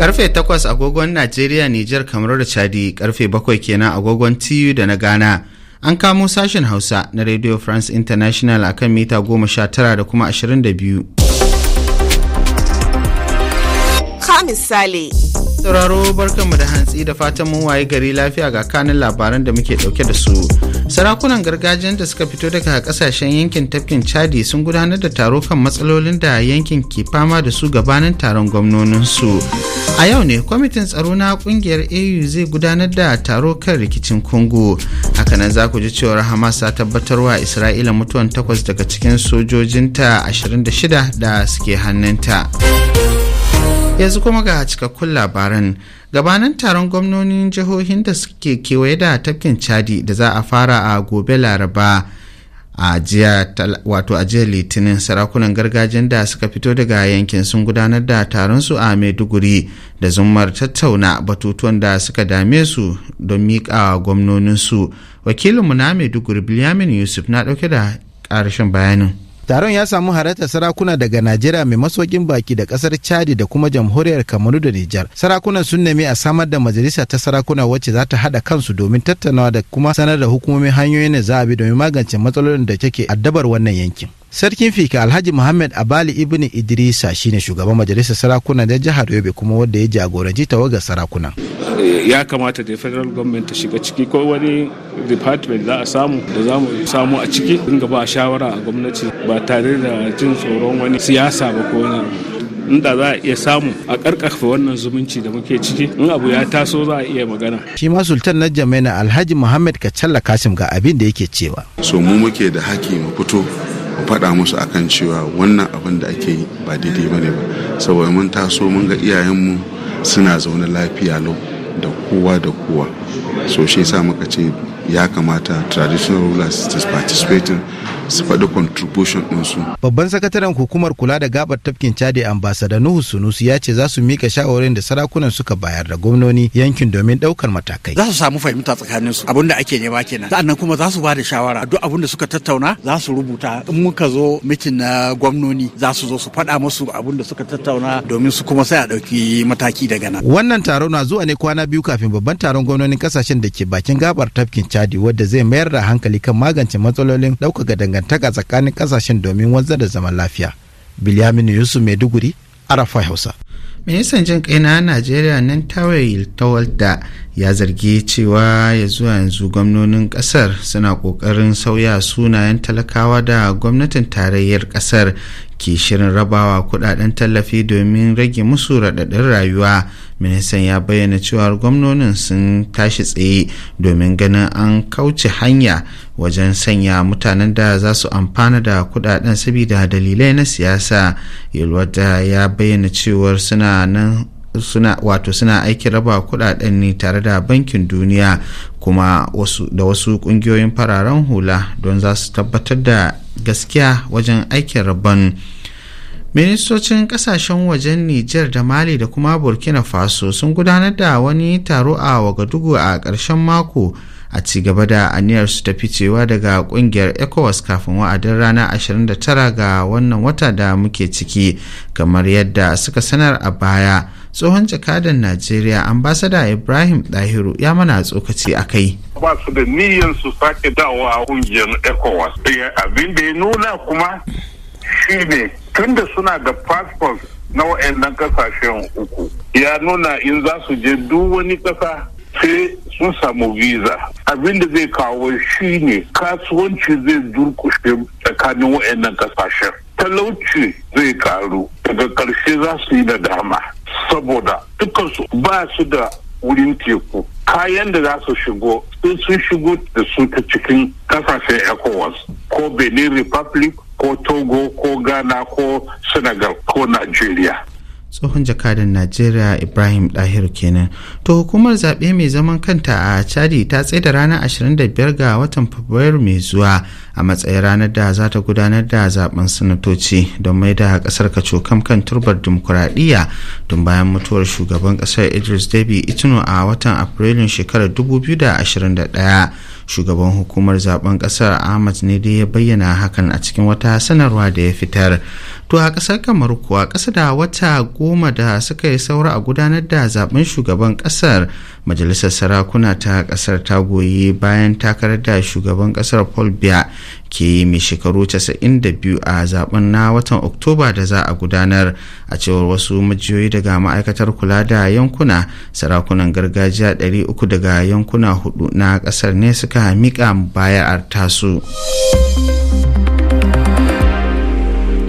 karfe takwas agogon najeriya nijar kamar da chadi karfe 7 kenan agogon TU da na ghana an kamo sashen hausa na radio france international akan mita goma sha tara da kuma 22 ka misali sauraro barkanmu da hantsi da fatan mun waye gari lafiya ga kanin labaran da muke dauke da su sarakunan gargajiyar da suka fito daga kasashen yankin tafkin chadi sun gudanar da taro kan matsalolin da yankin ke fama da su gabanin taron gwamnoninsu a yau ne kwamitin tsaro na kungiyar au zai gudanar da taro kan rikicin congo hakanan za ku ji cewar hamas ta wa isra'ila mutuwan takwas daga cikin sojojinta 26 da suke hannunta. yanzu kuma ga cikakkun labaran gabanin taron gwamnonin jihohin da suke kewaye da tafkin chadi da za a fara a gobe laraba a jiya litinin sarakunan gargajiyar da suka fito daga yankin sun gudanar da taron su a maiduguri da zumar tattauna batutuwan da suka dame su don miƙa gwamnoninsu wakilinmu na maiduguri biliyamin yusuf na ɗauke da ƙarshen bayanin taron ya samu halartar sarakuna daga najeriya mai masokin baki da kasar chadi da kuma jamhuriyar kamaru da nijar sarakunan sun nemi a samar da majalisa ta sarakuna wacce za ta hada kansu domin tattaunawa da kuma sanar da hukumomin hanyoyin da za a bi domin magance matsalolin da take addabar wannan yankin sarkin fika alhaji muhammad abali ibn idrisa shine shugaban majalisar sarakuna da jihar yobe kuma wanda ya jagoranci tawagar sarakuna Eh, ya kamata da federal government ta shiga ciki ko wani department za a samu da za mu samu a ciki dinga ba shawara a gwamnati ba tare da jin tsoron wani siyasa ba ko wani inda za a iya samu a karkafa wannan zumunci da muke ciki in abu ya taso za a iya magana shi ma sultan na jamaina alhaji muhammad kacalla kasim ga abin da yake cewa so mu muke da haƙi mu fito mu faɗa musu akan cewa wannan abin da ake yi ba daidai ba ne ba saboda mun taso mun ga iyayenmu suna zaune lafiya lau da kowa da kowa so shi sa muka ce ya kamata traditional rulers to participate su faɗi contribution ɗinsu. Babban sakataren hukumar kula da gabar tafkin Chade ambasada Nuhu Sunusu ya ce za su mika shawarin da sarakunan suka bayar da gwamnoni yankin domin ɗaukar matakai. Za su samu fahimta tsakanin su abinda ake nema kenan. Sa'annan kuma za su ba da shawara duk da suka tattauna za su rubuta in muka zo mitin na gwamnoni za su zo su faɗa musu abinda suka tattauna domin su kuma sai a ɗauki mataki daga nan. Wannan taron na zuwa ne kwana biyu kafin babban taron gwamnonin kasashen da ke bakin gabar tafkin Chade wadda zai mayar da hankali kan magance matsalolin ɗaukaka dangane dangantaka tsakanin kasashen domin wanzar da zaman lafiya bilyaminu yusuf maiduguri arafa hausa ministan jin kai na najeriya nan tawayil tawalda ya zargi cewa ya zuwa yanzu gwamnonin kasar suna kokarin sauya sunayen talakawa da gwamnatin tarayyar kasar ke shirin rabawa kudaden tallafi domin rage musu raɗaɗin rayuwa ministan ya bayyana cewa gwamnonin sun tashi tsaye domin ganin an kauce hanya wajen sanya mutanen da za su amfana da kudaden saboda dalilai na siyasa yalwata ya bayyana cewar suna nan suna wato suna aiki raba kudaden ne tare da bankin duniya kuma wasu da wasu kungiyoyin fararen hula don za su tabbatar da gaskiya wajen aikin rabon ministocin kasashen wajen niger da mali da kuma burkina faso sun gudanar da wani taro a wagadugu a ƙarshen mako a ci gaba da aniyar su tafi cewa daga kungiyar ecowas kafin wa'adin rana 29 ga wannan wata da muke ciki kamar yadda suka sanar a baya tsohon jakadan najeriya ambasada ibrahim dahiru ya mana tsokaci a kai ba su da niyyar su sake dawo a ƙungiyar ecowas eh, abin da ya nuna kuma shi tun tunda suna da passport na wa'annan kasashen uku ya nuna in za su je duk wani kasa sai sun samu visa abin da zai kawo shi ne, kasuwanci zai durkushe tsakanin wa'annan kasashen talauci zai karu daga ƙarshe za su yi da dama saboda dukansu ba su da wurin teku kayan da za su shigo sun sun shigo da su ta cikin kasashen ecowas ko benin republic ko togo ko ghana ko senegal ko nigeria tsohon jakadan najeriya ibrahim dahiru kenan to hukumar zaɓe mai zaman kanta a chadi ta tsaida ranar 25 ga watan fabrairu mai zuwa a matsayin ranar da za ta gudanar da zaben sanatoci don mai da kasar kacokam kan turbar dimokuraɗiyya tun bayan mutuwar shugaban ƙasar idris debi itino a watan afrilun shekarar 2021 shugaban hukumar zaben ƙasar ahmad ne dai ya bayyana hakan a cikin wata sanarwa da ya fitar to a ƙasar kamar kuwa ƙasa da wata goma da suka yi saura a gudanar da zaben shugaban ƙasar majalisar sarakuna ta ƙasar ta goyi bayan takarar da shugaban ƙasar paul biya ke yi mai shekaru 92 a zaben na watan oktoba da za a gudanar a cewar wasu majiyoyi daga ma'aikatar kula da yankuna sarakunan gargajiya 300 daga yankuna hudu na ƙasar ne suka miƙa bayar tasu.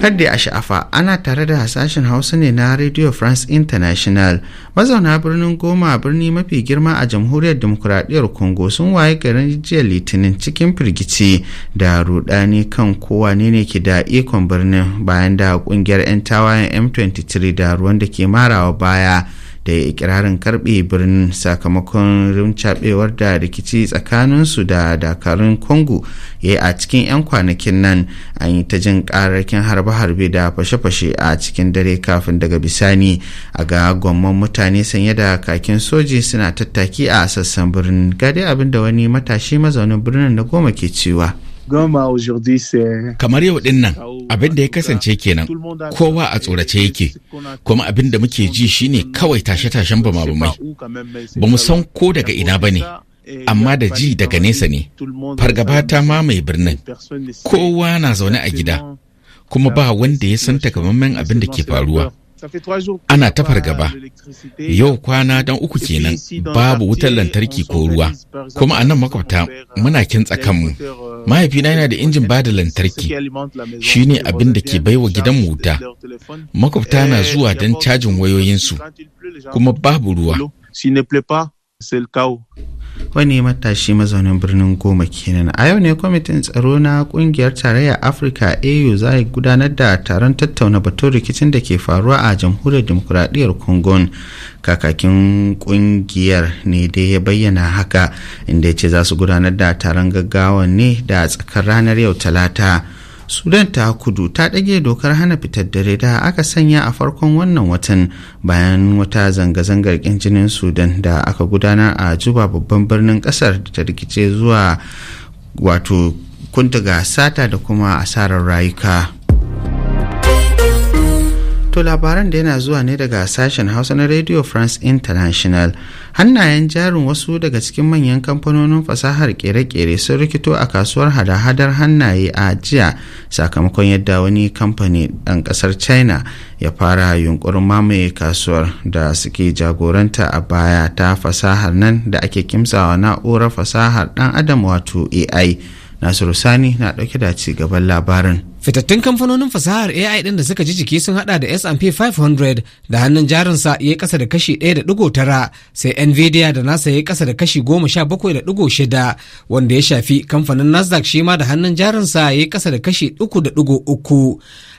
kadda a sha'afa ana tare da hasashen hausa ne na radio france international mazauna birnin goma birni mafi girma a jamhuriyar demokuraɗiyyar congo sun waye garin jiya litinin cikin firgici da rudani kan kowa ne ne ke da ikon birnin bayan da kungiyar 'yan tawayen m23 da ruwan da ke marawa baya da ya ikirarin karbe birnin sakamakon rimcabewar da rikici tsakaninsu da dakarun congo ya yi a cikin 'yan kwanakin nan an yi ta jin kararrakin harbe-harbe da fashe-fashe a cikin dare kafin daga bisani a ga gwamman mutane sanye da kakin soji suna tattaki a sassan birnin gade abin da wani matashi mazaunin birnin na goma ke cewa. goma aujourd'hui c'est kamar yau din nan abin da ya kasance kenan kowa a tsorace yake kuma abin da muke ji shine kawai tashe-tashen bama bamai ba mu san ko daga ina bane amma da ji daga nesa ne fargaba ta mai birnin kowa na zaune a gida kuma ba wanda ya san takamaiman abin da ke faruwa ana ta fargaba yau kwana dan uku kenan babu wutar lantarki ko ruwa kuma a nan makwabta muna kintsa kanmu mahaifina yana da injin bada lantarki shi ne abin da ke baiwa gidan wuta makwabta na zuwa don cajin wayoyinsu kuma babu ruwa wani matashi mazaunin birnin goma kenan a yau ne kwamitin tsaro na kungiyar tarayyar afirka au za a gudanar da taron tattauna batun rikicin da ke faruwa a jamhuriyar demokuraɗiyyar Kongon, kakakin kungiyar ne dai ya bayyana haka inda ya ce za su gudanar da taron gaggawa ne da tsakar ranar yau talata sudan ta kudu ta ɗage dokar hana fitar dare da aka sanya a farkon wannan watan bayan wata zanga-zangar ƙin jinin sudan da aka gudana a juba babban birnin ƙasar da ta rikice zuwa wato kunta sata da kuma asarar rayuka To labaran da yana zuwa ne daga sashen Hausa na Radio France International. Hannayen jarin wasu daga cikin manyan kamfanonin fasahar kere-kere sun rikito a kasuwar hada-hadar hannaye a jiya sakamakon yadda wani kamfani ɗan ƙasar China ya fara yunkurin mamaye kasuwar da suke jagoranta a baya ta fasahar nan da ake kimsawa na'urar fasahar ɗan adam wato AI. Nasiru Sani na ɗauke da ci gaban labarin. Fitattun kamfanonin fasahar AI ɗin da suka ji jiki sun hada da S&P 500 da hannun jarinsa ya yi ƙasa da kashi 1.9 sai Nvidia da nasa ya yi ƙasa da kashi 17.6 wanda ya shafi kamfanin Nasdaq shi ma da hannun jarinsa ya yi ƙasa da kashi 3.3.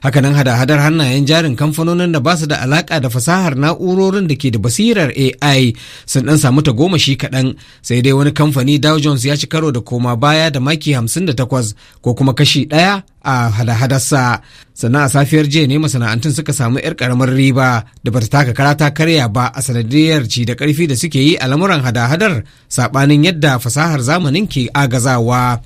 Hakanan hada-hadar hannayen jarin kamfanonin da ba su da alaka da fasahar na'urorin da ke da basirar AI sun ɗan samu ta goma shi kaɗan sai dai wani kamfani Dow Jones ya ci karo da koma baya da maki 58 ko kuma kashi ɗaya a hada-hadarsa sannan a safiyar jiya ne masana'antun suka samu 'yar karamar riba da bata taka karata karya ba a sanadiyar ci da karfi da suke yi a lamuran hada-hadar sabanin yadda fasahar zamanin ke agazawa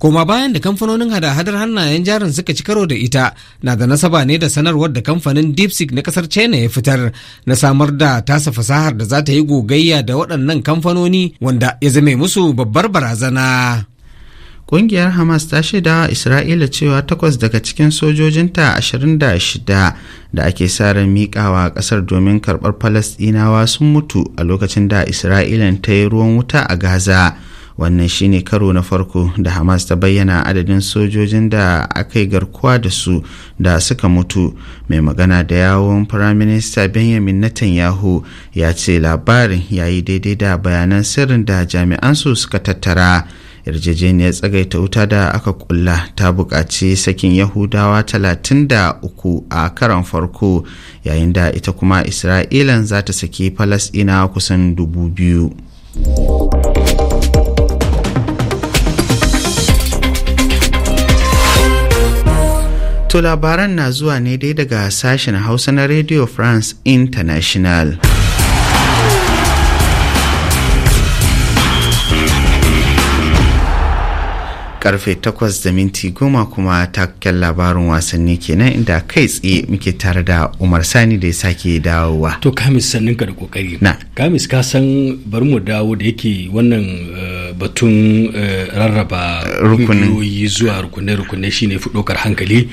koma bayan da kamfanonin hada-hadar hannayen jarin suka ci karo da ita na da nasaba ne da sanarwar da kamfanin deepseek na kasar china ya fitar na samar da tasa fasahar da za ta yi gogayya da waɗannan kamfanoni wanda ya zame musu babbar barazana Ƙungiyar Hamas ta shaida wa Isra'ila cewa takwas daga cikin sojojinta 26 da ake sa ran miƙawa ƙasar domin karɓar Falasɗinawa sun mutu a lokacin da Isra'ilan ta yi ruwan wuta a Gaza. Wannan shine karo na farko da Hamas ta bayyana adadin sojojin da aka yi garkuwa da su da suka mutu. Mai magana da yawon Firaminista Benjamin Netanyahu ya ce labarin yayi daidai da bayanan sirrin da jami'an su suka tattara. yarjejeniyar tsagaita wuta da aka kulla ta bukaci sakin yahudawa 33 a karan farko yayin da ita kuma isra'ilan za ta saki falasɗina kusan dubu biyu. To labaran na zuwa ne dai daga sashen Hausa na Radio France International. karfe 8 da minti goma kuma taken labarin wasanni kenan inda kai tsaye muke tare da umar sani da ya sake dawowa to kamis sanninka da kokari na kamis ka san bari mu dawo da yake wannan eh, batun eh, rarraba rukunyoyi zuwa rukunai-rukunai shine fi hankali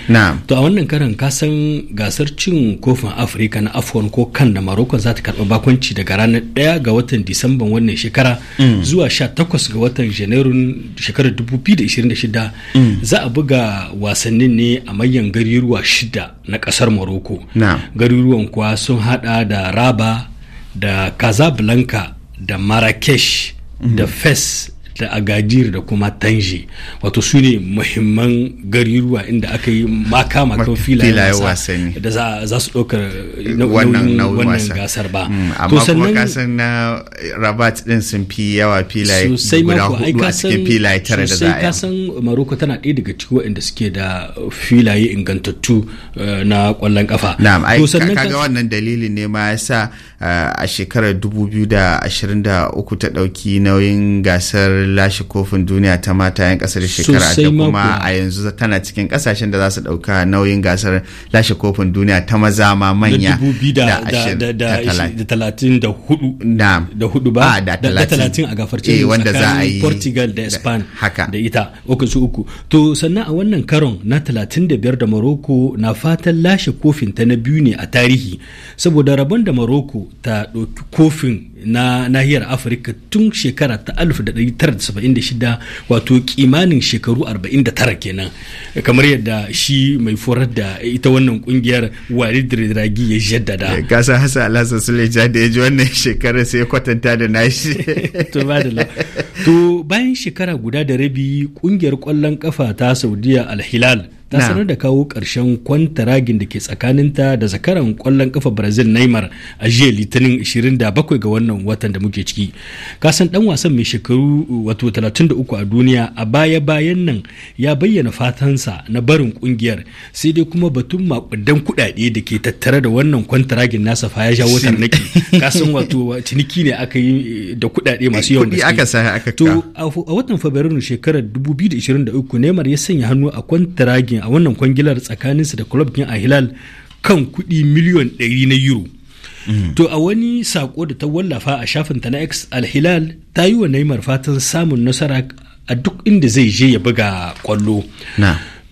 to a wannan karin kasan gasar cin kofin afirka na afon ko kan da maroko za ta karɓi bakunci daga ranar 1 ga watan disamban wannan shekara mm. zuwa 18 ga watan janairun shekarar 2026 mm. za a buga wasannin ne a manyan garuruwa shida na ƙasar maroko garuruwan kuwa sun hada da raba da casablanca da marrakesh da mm. fes da agadir da kuma tanji wato su ne muhimman garuruwa inda aka yi maka makan filayen wasa da za su ɗaukar wannan gasar ba mm, to sannan kasan na rabat din sun fi yawa filaye guda hudu a cikin filaye tare da za a yi kasan maroko tana ɗaya daga cikin waɗanda suke da filaye ingantattu eh, na ƙwallon kafa na'am ai kaga wannan dalilin ne ma yasa a shekarar 2023 ta ɗauki nauyin gasar lashe kofin duniya ta mata 'yan ƙasar shekara da kuma a yanzu tana cikin ƙasashen da za su ɗauka nauyin gasar lashe kofin duniya ta maza ma manya da 34 ba ah, da 30 a gafarce eh, wanda za a yi portugal da spain da ita uku su uku to sannan a wannan karon na 35 da morocco na fatan lashe kofin ta na biyu ne a tarihi saboda rabon da morocco ta ɗauki kofin na nahiyar afirka tun shekara ta 1976 wato kimanin shekaru 49 kenan kamar yadda shi mai forar da ita wannan kungiyar walid ragi ya jaddada eh, kasa hasa alhassan sule da ya ji wannan shekarar sai kwatanta da nashi to bayan shekara guda da rabi kungiyar kwallon kafa ta saudiya alhilal ta sanar da kawo ƙarshen kwantaragin da ke tsakaninta da zakaran ƙwallon kafa brazil neymar a jiya litinin 27 ga wannan watan da muke ciki kasan dan wasan mai shekaru wato 33 a duniya a baya bayan nan ya bayyana fatansa na barin kungiyar sai dai kuma batun makudan kuɗaɗe da ke tattare da wannan kwantaragin nasa fa ya ja watan naki kasan wato ciniki ne aka yi da kuɗaɗe masu yawan da aka sa aka to a watan fabrairu shekarar 2023 neymar ya sanya hannu a kwantaragin a wannan kwangilar tsakaninsa da club din a hilal kan kuɗi miliyon ɗari na euro mm. to a wani sako da ta wallafa a shafinta na x hilal ta yi wa neymar fatan samun nasara a duk inda zai je ya buga kwallo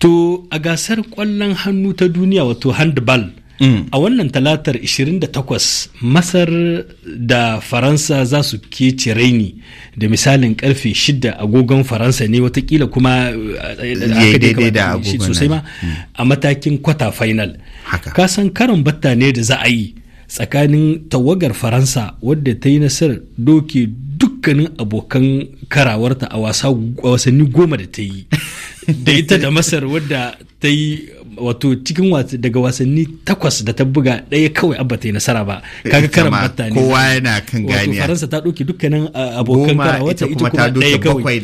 to a gasar kwallon hannu ta duniya wato handball Mm. a wannan talatar 28 masar da faransa za su kece raini da misalin karfe 6 agogon faransa ne watakila kuma eh, sosai ma mm. a matakin kwata final kasan karin batta ne da za a yi tsakanin tawagar faransa wadda ta yi nasarar doke dukkanin abokan karawarta a wasanni goma da ta yi da ita da masar wadda ta yi wato cikin daga wasanni takwas da ta buga ɗaya kawai abba ta yi nasara ba kaga karan batta ne kowa yana kan ganiya faransa ta ɗauki dukkanin uh, abokan kara wata ita kuma daga kawai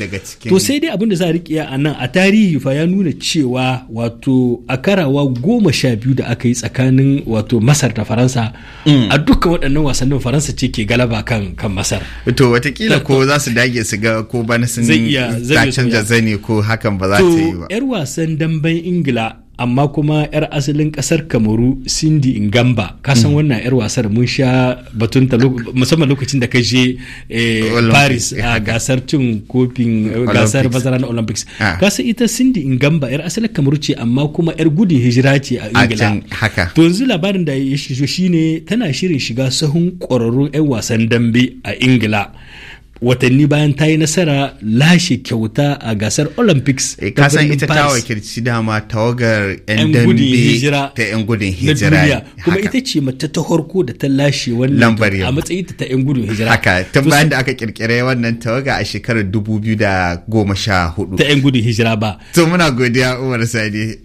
to sai dai abin da za a riƙe a nan a tarihi fa ya nuna cewa wato a karawa goma sha biyu da aka yi tsakanin wato masar da faransa mm. a dukkan waɗannan wasannin faransa ce ke galaba kan kan masar to watakila ko za su dage su ga ko bana sun ta canza zane ko hakan ba za ta yi ba yar wasan damben ingila amma kuma 'yar asalin kasar kamaru cindy gamba kasan mm. wannan 'yar wasar mun sha batunta musamman lokacin da ka je eh, paris a gasar cin kofin gasar bazara na olympics ah. kasan ita in gamba 'yar asalin kamaru ce amma kuma 'yar gudun hijira ce a ingila to yanzu labarin da ya shigo shine tana shirin shiga sahun kwararru 'yan wasan dambe a ingila watanni bayan ta yi nasara lashe kyauta a gasar olympics eh, ka kasan ita ta wakilci dama tawagar 'yan dambe ta 'yan gudun hijira kuma ita ce mata ta harko da ta lashe wannan a matsayin ta 'yan gudun hijira haka tun bayan da aka kirkire wannan tawaga a shekarar 2014 ta 'yan gudun hijira ba to muna godiya umar sani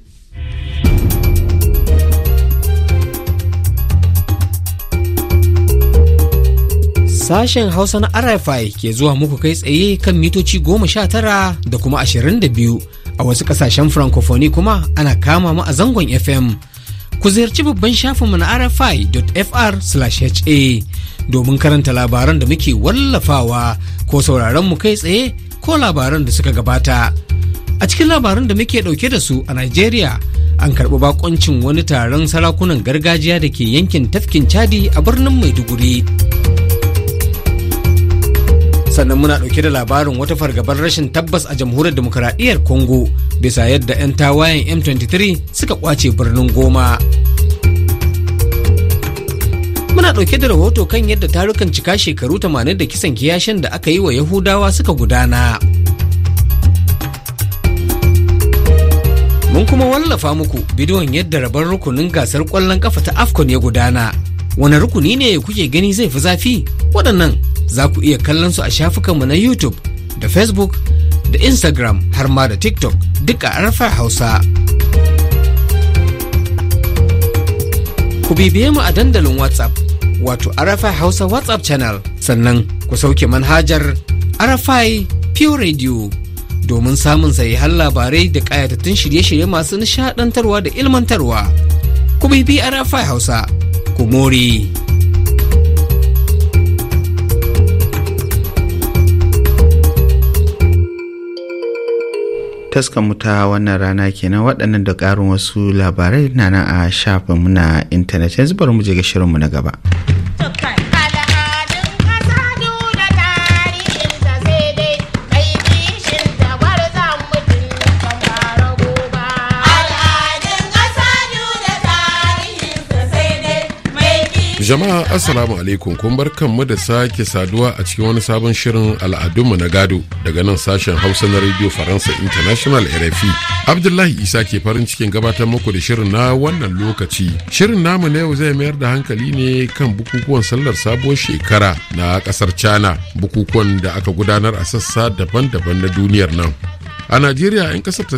Sashen Hausa na RFI ke zuwa muku kai tsaye kan mitoci goma sha tara da kuma ashirin da biyu a wasu kasashen Francophonie kuma ana kama mu a zangon FM. Ku ziyarci babban shafinmu na rfi.fr/ha domin karanta labaran da muke wallafawa ko sauraron mu kai tsaye ko labaran da suka gabata. A cikin labaran da muke ɗauke da su a Najeriya. an karɓi bakoncin wani taron sarakunan gargajiya da ke yankin tafkin chadi a birnin maiduguri sannan muna ɗauke da labarin wata fargabar rashin tabbas a jamhuriyar demokuraɗiyyar congo bisa yadda 'yan tawayen m23 suka kwace birnin goma muna ɗauke da rahoto kan yadda tarukan cika shekaru 80 da kisan kiyashin da aka yi wa yahudawa suka gudana mun kuma wallafa muku bidiyon yadda rabar rukunin gasar ƙwallon ƙafa ta afcon ya gudana wani rukuni ne kuke gani zai fi zafi waɗannan za ku iya kallon su a shafukanmu na YouTube da Facebook da Instagram har ma da TikTok duk a arfa Hausa. Ku bibiye mu a dandalin WhatsApp wato Arafai Hausa WhatsApp channel sannan ku sauke manhajar Arafai Pure Radio domin samun sahihan labarai da ƙayatattun shirye-shirye masu nishaɗantarwa da ilmantarwa. Ku bibi Arafai Hausa, ku more. Taska ta wannan rana kenan waɗannan da ƙarin wasu labarai na nan a shafinmu na intanet yanzu bari mu je ga shirinmu na gaba. Jama'a Assalamu alaikum kun bar kanmu da sake saduwa a cikin wani sabon shirin al'adunmu na gado daga nan sashen Hausa na Radio Faransa International RFI. Abdullahi Isa ke farin cikin gabatar muku da shirin na wannan lokaci. Shirin namu na yau zai mayar da hankali ne kan bukukuwan sallar sabuwar shekara na kasar China, bukukuwan da aka gudanar a sassa daban-daban na duniyar nan. A Najeriya 'yan kasar ta